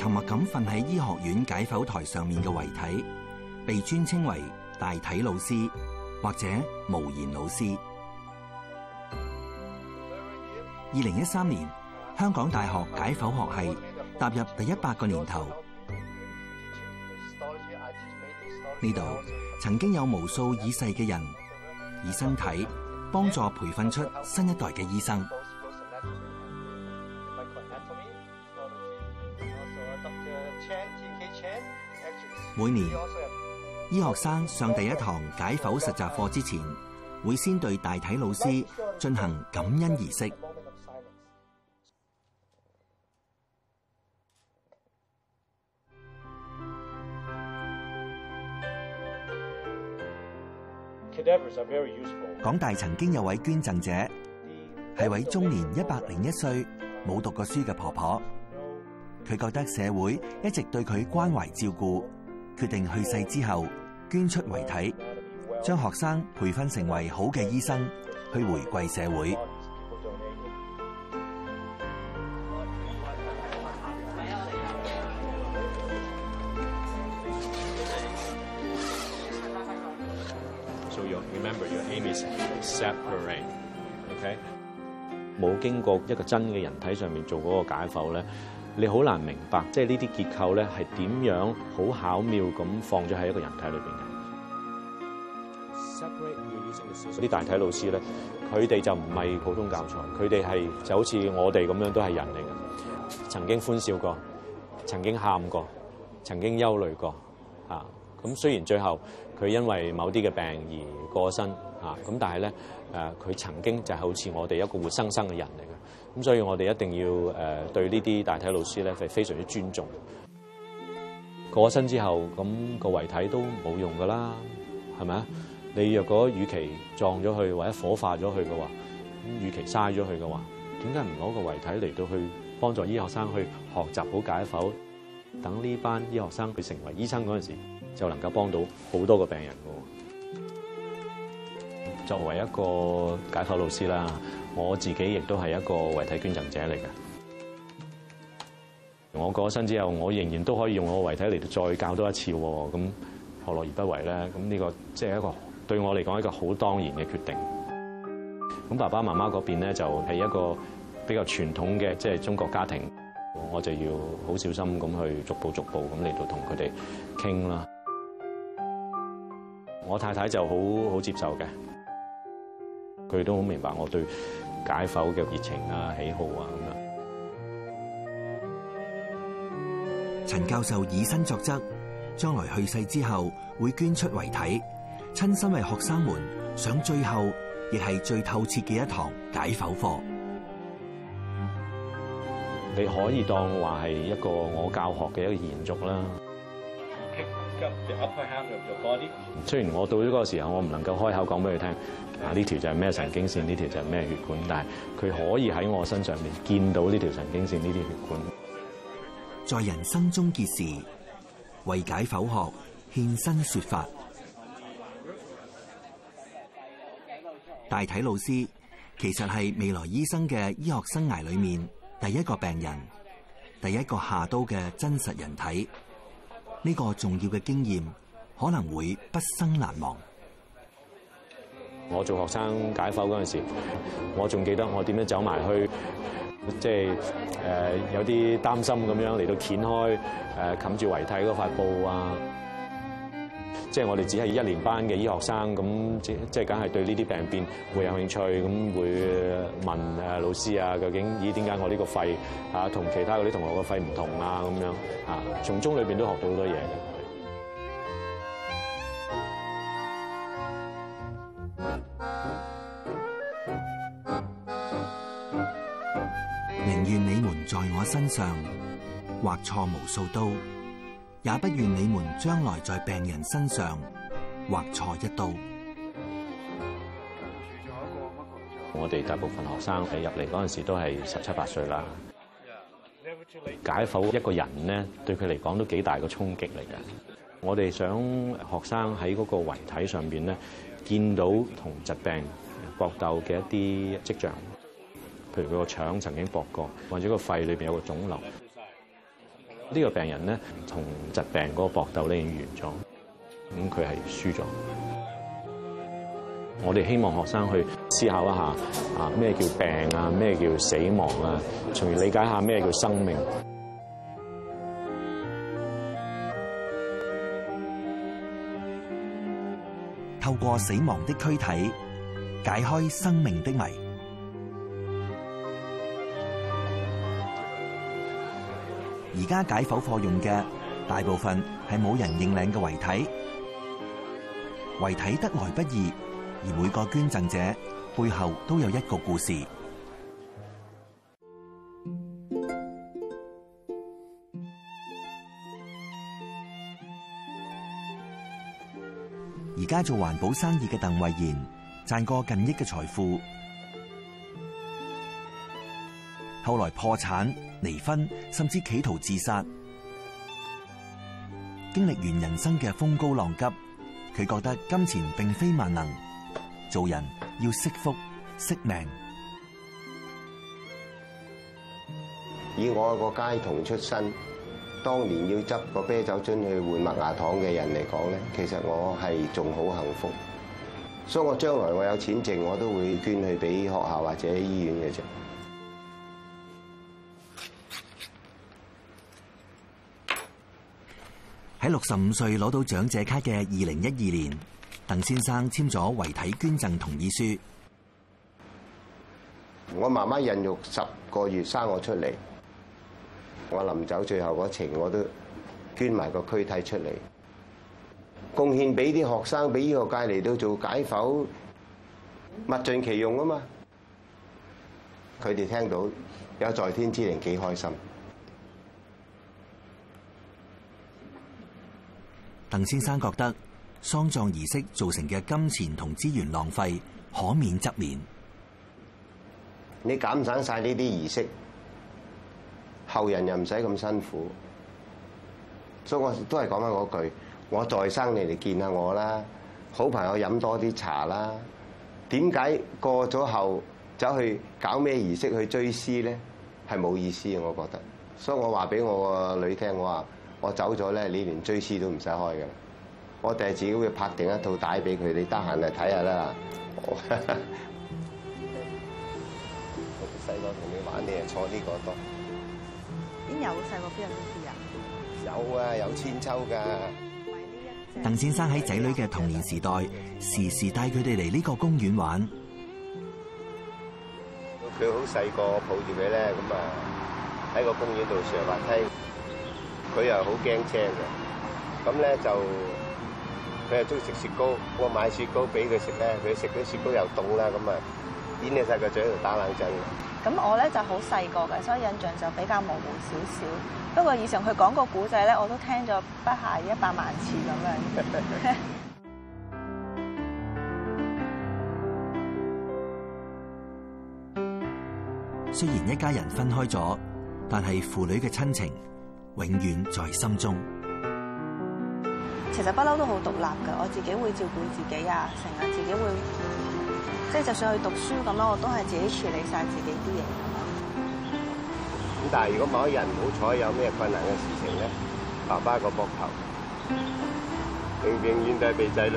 沉默咁瞓喺醫學院解剖台上面嘅遺體，被尊稱為大體老師或者無言老師。二零一三年，香港大學解剖學系踏入第一百個年頭。呢度曾經有無數已逝嘅人，以身體幫助培訓出新一代嘅醫生。每年，醫學生上第一堂解剖實習課之前，會先對大體老師進行感恩儀式。港大曾經有位捐贈者，係位中年一百零一歲冇讀過書嘅婆婆，佢覺得社會一直對佢關懷照顧，決定去世之後捐出遺體，將學生培訓成為好嘅醫生，去回饋社會。所以，remember your aim is separate，OK？冇經過一個真嘅人體上面做嗰個解剖咧，你好難明白，即係呢啲結構咧係點樣好巧妙咁放咗喺一個人體裏邊嘅。嗰啲大體老師咧，佢哋就唔係普通教材，佢哋係就好似我哋咁樣都係人嚟嘅。曾經歡笑過，曾經喊過，曾經憂慮過，嚇。咁、啊、雖然最後佢因為某啲嘅病而過身，嚇、啊。咁但係咧，誒、啊、佢曾經就係好似我哋一個活生生嘅人嚟。咁所以我哋一定要誒對呢啲大體老師咧係非常之尊重。過咗身之後，咁個遺體都冇用噶啦，係咪啊？你若果與其葬咗佢，或者火化咗佢嘅話，與其嘥咗佢嘅話，點解唔攞個遺體嚟到去幫助醫學生去學習好解剖？等呢班醫學生去成為醫生嗰陣時，就能夠幫到好多個病人㗎。作為一個解剖老師啦，我自己亦都係一個遺體捐贈者嚟嘅。我過咗身之後，我仍然都可以用我遺體嚟到再教多一次。咁何樂而不為咧？咁呢個即係一個對我嚟講一個好當然嘅決定。咁爸爸媽媽嗰邊咧就係一個比較傳統嘅即係中國家庭，我就要好小心咁去逐步逐步咁嚟到同佢哋傾啦。我太太就好好接受嘅。佢都好明白我對解剖嘅熱情啊、喜好啊咁樣。陳教授以身作則，將來去世之後會捐出遺體，親身為學生們上最後亦係最透徹嘅一堂解剖課。嗯，你可以當話係一個我教學嘅一個延續啦。雖然我到咗嗰個時候，我唔能夠開口講俾佢聽，啊呢條就係咩神經線，呢條就係咩血管，但係佢可以喺我身上面見到呢條神經線、呢啲血管。在人生終結時，為解剖學獻身說法。大體老師其實係未來醫生嘅醫學生涯裏面第一個病人，第一個下刀嘅真實人體。呢個重要嘅經驗可能會畢生難忘。我做學生解剖嗰陣時，我仲記得我點樣走埋去，即係誒有啲擔心咁樣嚟到掀開誒冚住遺體嗰塊布啊。即係我哋只係一年班嘅醫學生，咁即即係梗係對呢啲病變會有興趣，咁會問誒、啊、老師啊，究竟咦點解我呢個肺啊同其他嗰啲同學個肺唔同啊？咁、啊、樣啊，從中裏邊都學到好多嘢嘅。寧願你們在我身上劃錯無數刀。也不願你們將來在病人身上劃錯一刀。我哋大部分學生喺入嚟嗰陣時都係十七八歲啦。解剖一個人咧，對佢嚟講都幾大個衝擊嚟嘅。我哋想學生喺嗰個遺體上面咧，見到同疾病搏鬥嘅一啲跡象，譬如佢個腸曾經搏過，或者個肺裏邊有個腫瘤。呢個病人咧，同疾病個搏鬥咧，已經完咗，咁佢係輸咗。我哋希望學生去思考一下，啊咩叫病啊，咩叫死亡啊，從而理解下咩叫生命。透過死亡的軀體，解開生命的謎。而家解剖課用嘅大部分係冇人認領嘅遺體，遺體得來不易，而每個捐贈者背後都有一個故事。而家做環保生意嘅鄧慧賢，賺過近億嘅財富，後來破產。離婚，甚至企圖自殺。經歷完人生嘅風高浪急，佢覺得金錢並非萬能，做人要惜福惜命。以我一個街童出身，當年要執個啤酒樽去換麥芽糖嘅人嚟講咧，其實我係仲好幸福。所以我將來我有錢剩，我都會捐去俾學校或者醫院嘅啫。六十五歲攞到長者卡嘅二零一二年，鄧先生簽咗遺體捐贈同意書。我媽媽孕育十個月生我出嚟，我臨走最後嗰程我都捐埋個軀體出嚟，貢獻俾啲學生，俾醫學界嚟到做解剖，物盡其用啊嘛！佢哋聽到有在天之靈幾開心。鄧先生覺得喪葬儀式造成嘅金錢同資源浪費可免則免，你減省晒呢啲儀式，後人又唔使咁辛苦，所以我都係講翻嗰句，我在生你哋見下我啦，好朋友飲多啲茶啦。點解過咗後走去搞咩儀式去追思咧？係冇意思嘅，我覺得。所以我話俾我個女聽，我話。我走咗咧，你連追思都唔使開嘅啦。我第日自己會拍定一套帶俾佢，你得閒嚟睇下啦。我細個同你玩，你係坐呢個度。邊有細個邊有都屍啊？有啊，有千秋㗎。鄧先生喺仔女嘅童年時代，時時帶佢哋嚟呢個公園玩。佢好細個抱住佢咧，咁啊喺個公園度上，上滑梯。佢又好驚青嘅，咁咧就佢又中意食雪糕。我買雪糕俾佢食咧，佢食啲雪糕又凍啦，咁啊，黏起曬個嘴喺度打冷震嘅。咁我咧就好細個嘅，所以印象就比較模糊少少。不過以前佢講個古仔咧，我都聽咗不下一百萬次咁樣。 雖然一家人分開咗，但係父女嘅親情，永遠在心中。其實不嬲都好獨立噶，我自己會照顧自己啊，成日自己會，即係就算去讀書咁樣，我都係自己處理晒自己啲嘢。咁但係如果某一人唔好彩有咩困難嘅事情咧，爸爸個膊頭，永遠都係俾仔女。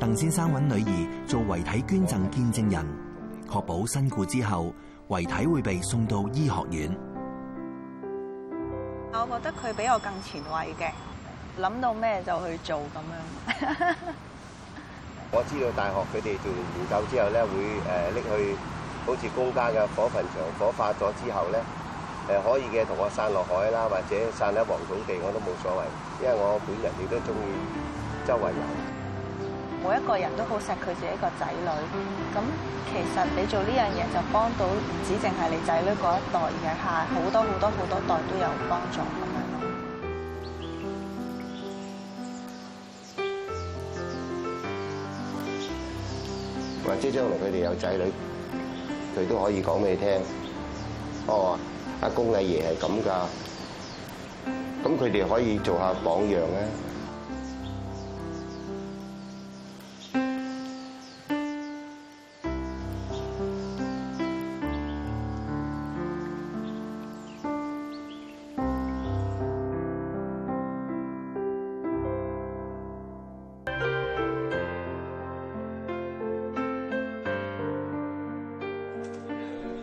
鄧先生揾女兒做遺體捐贈見證人。確保身故之後，遺體會被送到醫學院。我覺得佢比我更前衛嘅，諗到咩就去做咁樣。我知道大學佢哋做完研究之後咧，會誒拎去，好似公家嘅火焚場火化咗之後咧，誒可以嘅同我散落海啦，或者散喺黃土地，我都冇所謂，因為我本人亦都中意周圍遊。每一個人都好錫佢自己一個仔女，咁其實你做呢樣嘢就幫到唔止淨係你仔女嗰一代，而係下好多好多好多代都有幫助，咁樣咯。或者將來佢哋有仔女，佢都可以講俾你聽，哦，阿公阿爺係咁㗎，咁佢哋可以做下榜樣啊！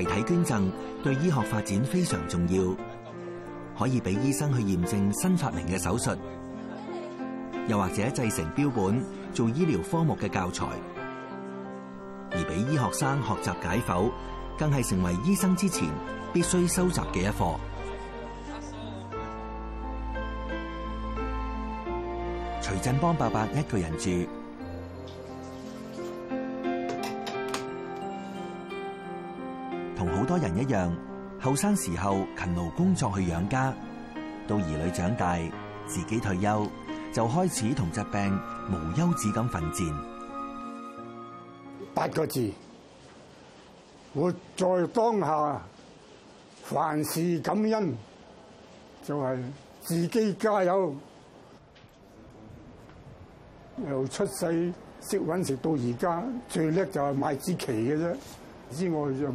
遺體捐贈對醫學發展非常重要，可以俾醫生去驗證新發明嘅手術，又或者製成標本做醫療科目嘅教材，而俾醫學生學習解剖，更係成為醫生之前必須收集嘅一課。徐振邦伯伯一個人住。一樣，後生時候勤勞工作去養家，到兒女長大，自己退休就開始同疾病無休止咁奮戰。八個字，活在當下，凡事感恩，就係、是、自己加油。由出世識搵食到而家，最叻就係買支旗嘅啫，之外就。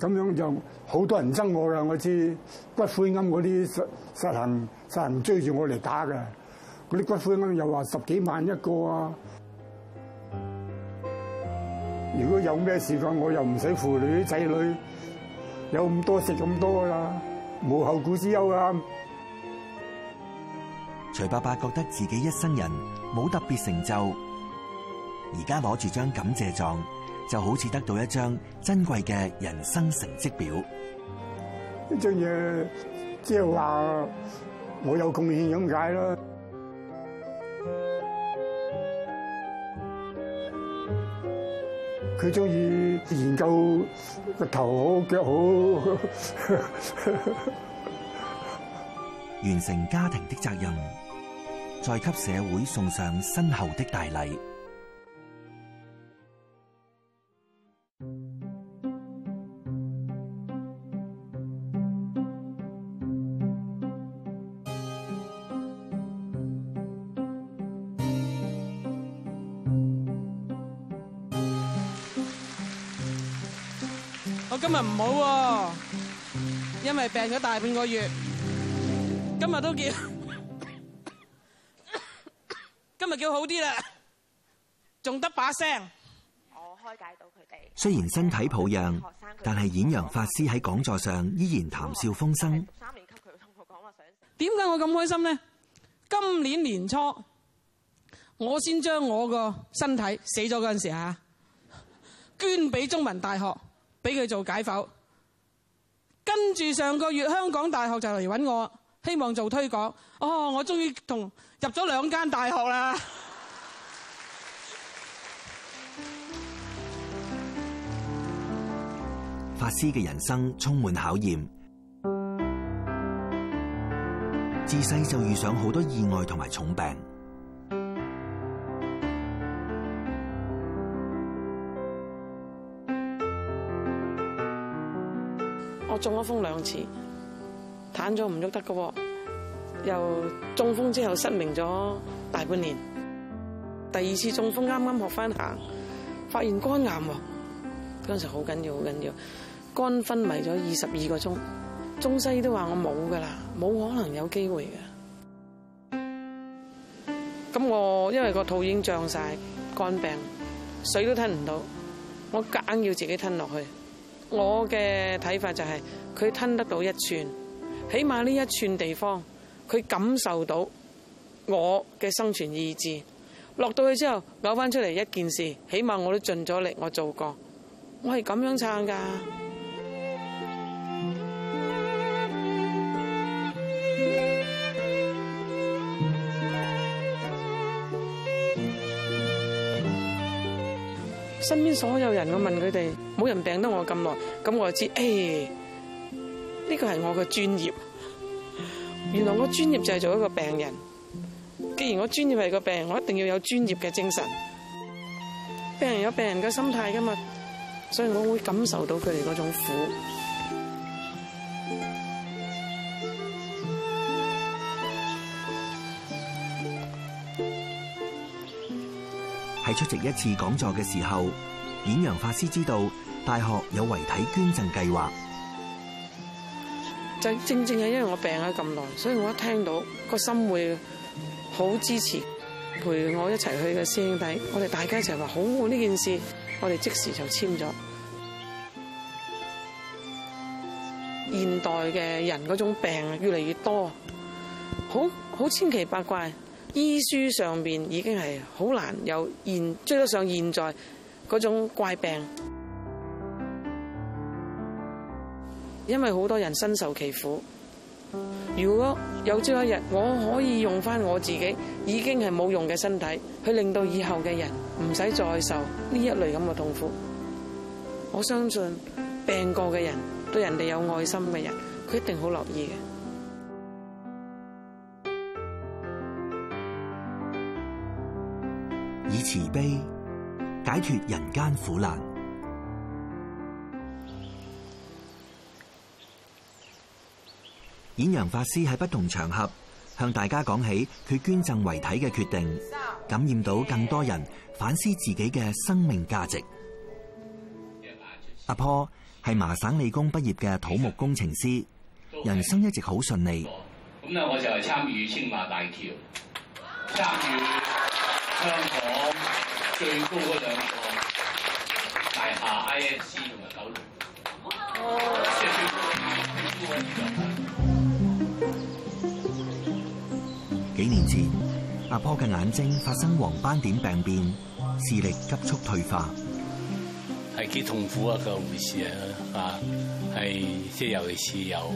咁樣就好多人憎我㗎，我知骨灰龕嗰啲實實行實行追住我嚟打㗎，嗰啲骨灰龕又話十幾萬一個啊！如果有咩事㗎，我又唔使負累仔女，有咁多食咁多啦，冇後顧之憂啊。徐伯伯覺得自己一生人冇特別成就，而家攞住張感謝狀。就好似得到一張珍貴嘅人生成績表。呢張嘢即係話我有貢獻咁解啦。佢中意研究個頭好腳好。完成家庭的責任，再給社會送上身後的大禮。今日唔好，因為病咗大半個月。今日都叫今日叫好啲啦，仲得把聲。我開解到佢哋。雖然身體抱恙，但係演陽法師喺講座上依然談笑風生。三年級佢同我講話想點解我咁開心呢？今年年初我先將我個身體死咗嗰陣時嚇捐俾中文大學。俾佢做解剖，跟住上個月香港大學就嚟搵我，希望做推廣。哦，我終於同入咗兩間大學啦！法師嘅人生充滿考驗，自細就遇上好多意外同埋重病。中咗風兩次，癱咗唔喐得㗎喎，又中風之後失明咗大半年，第二次中風啱啱學返行，發現肝癌喎，嗰陣時好緊要好緊要，肝昏迷咗二十二個鐘，中西都話我冇㗎喇，冇可能有機會㗎，咁我因為個肚已經脹晒，肝病，水都吞唔到，我夾硬要自己吞落去。我嘅睇法就係、是，佢吞得到一寸，起碼呢一寸地方佢感受到我嘅生存意志。落到去之後嘔翻出嚟一件事，起碼我都盡咗力，我做過，我係咁樣撐㗎。身邊所有人，我問佢哋，冇人病得我咁耐，咁我就知，誒、哎，呢個係我嘅專業。原來我專業就係做一個病人。既然我專業係個病人，我一定要有專業嘅精神。病人有病人嘅心態㗎嘛，所以我會感受到佢哋嗰種苦。出席一次講座嘅時候，演揚法師知道大學有遺體捐贈計劃，就正正係因為我病咗咁耐，所以我一聽到個心會好支持。陪我一齊去嘅師兄弟，我哋大家一齊話好好呢件事，我哋即時就簽咗。現代嘅人嗰種病越嚟越多，好好千奇百怪。醫書上面已經係好難，有現追得上現在嗰種怪病，因為好多人身受其苦。如果有朝一日我可以用翻我自己已經係冇用嘅身體，去令到以後嘅人唔使再受呢一類咁嘅痛苦，我相信病過嘅人、對人哋有愛心嘅人，佢一定好樂意嘅。以慈悲解脫人間苦難。演揚法師喺不同場合向大家講起佢捐贈遺體嘅決定，感染到更多人反思自己嘅生命價值。阿坡係麻省理工畢業嘅土木工程師，人生一直好順利。咁我就參與青馬大橋參與。香港最高嗰兩個 大廈，I F C 同埋九龍。哦哇，幾年前阿婆嘅眼睛發生黃斑點病變，視力急速退化，係幾痛苦啊？一個回事啊！啊，係即係尤其是由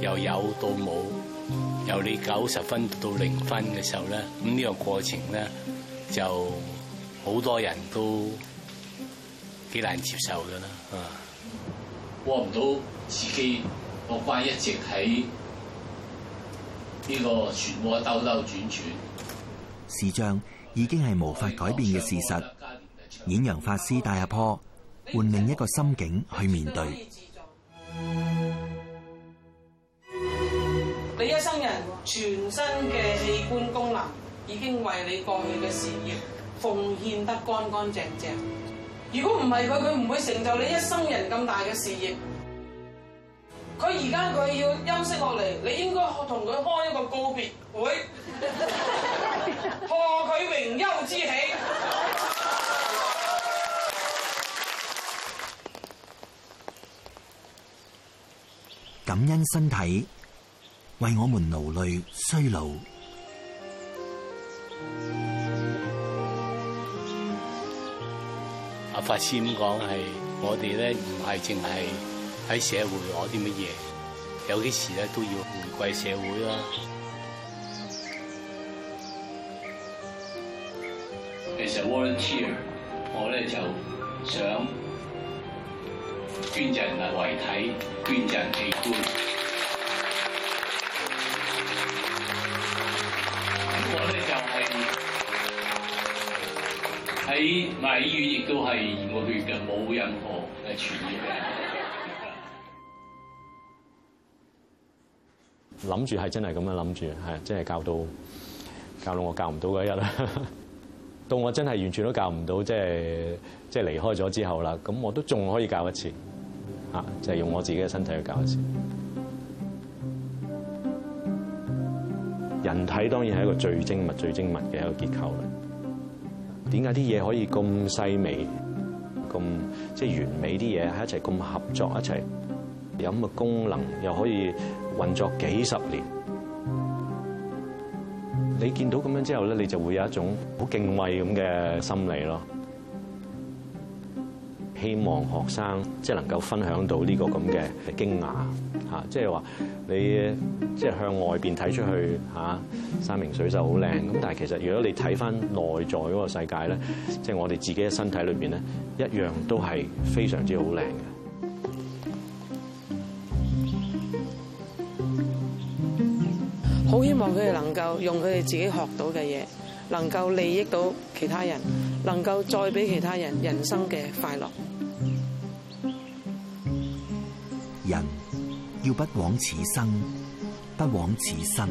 由有到冇。由你九十分到零分嘅時候咧，咁呢個過程咧就好多人都幾難接受噶啦，啊！過唔到自己個關，我一直喺呢個漩渦兜兜轉轉。視像已經係無法改變嘅事實。演陽法師帶阿坡換另一個心境去面對。人全身嘅器官功能已經為你過去嘅事業奉獻得乾乾淨淨。如果唔係佢，佢唔會成就你一生人咁大嘅事業。佢而家佢要休息落嚟，你應該同佢開一個告別會，破佢榮休之喜。感恩身體。為我們勞累，衰老。阿法師噉講係，我哋咧唔係淨係喺社會攞啲乜嘢，有啲事咧都要回饋社會啦。其實 volunteer，我咧就想捐贈嘅遺體，捐贈器官。喺醫院亦都係我哋嘅冇任何嘅傳染嘅。諗住係真係咁樣諗住，係真係教到教到我教唔到嗰一日，到我真係完全都教唔到，即係即係離開咗之後啦，咁我都仲可以教一次，嚇，就係、是、用我自己嘅身體去教一次。人體當然係一個最精密、最精密嘅一個結構。點解啲嘢可以咁細微、咁即係完美，啲嘢喺一齊咁合作，一齊有咁嘅功能，又可以運作幾十年？你見到咁樣之後咧，你就會有一種好敬畏咁嘅心理咯。希望學生即係能夠分享到呢個咁嘅驚訝嚇，即係話你即係向外邊睇出去嚇，山明水秀好靚。咁但係其實如果你睇翻內在嗰個世界咧，即係我哋自己嘅身體裏邊咧，一樣都係非常之好靚嘅。好希望佢哋能夠用佢哋自己學到嘅嘢，能夠利益到其他人。能夠再俾其他人人生嘅快樂，人要不枉此生，不枉此生。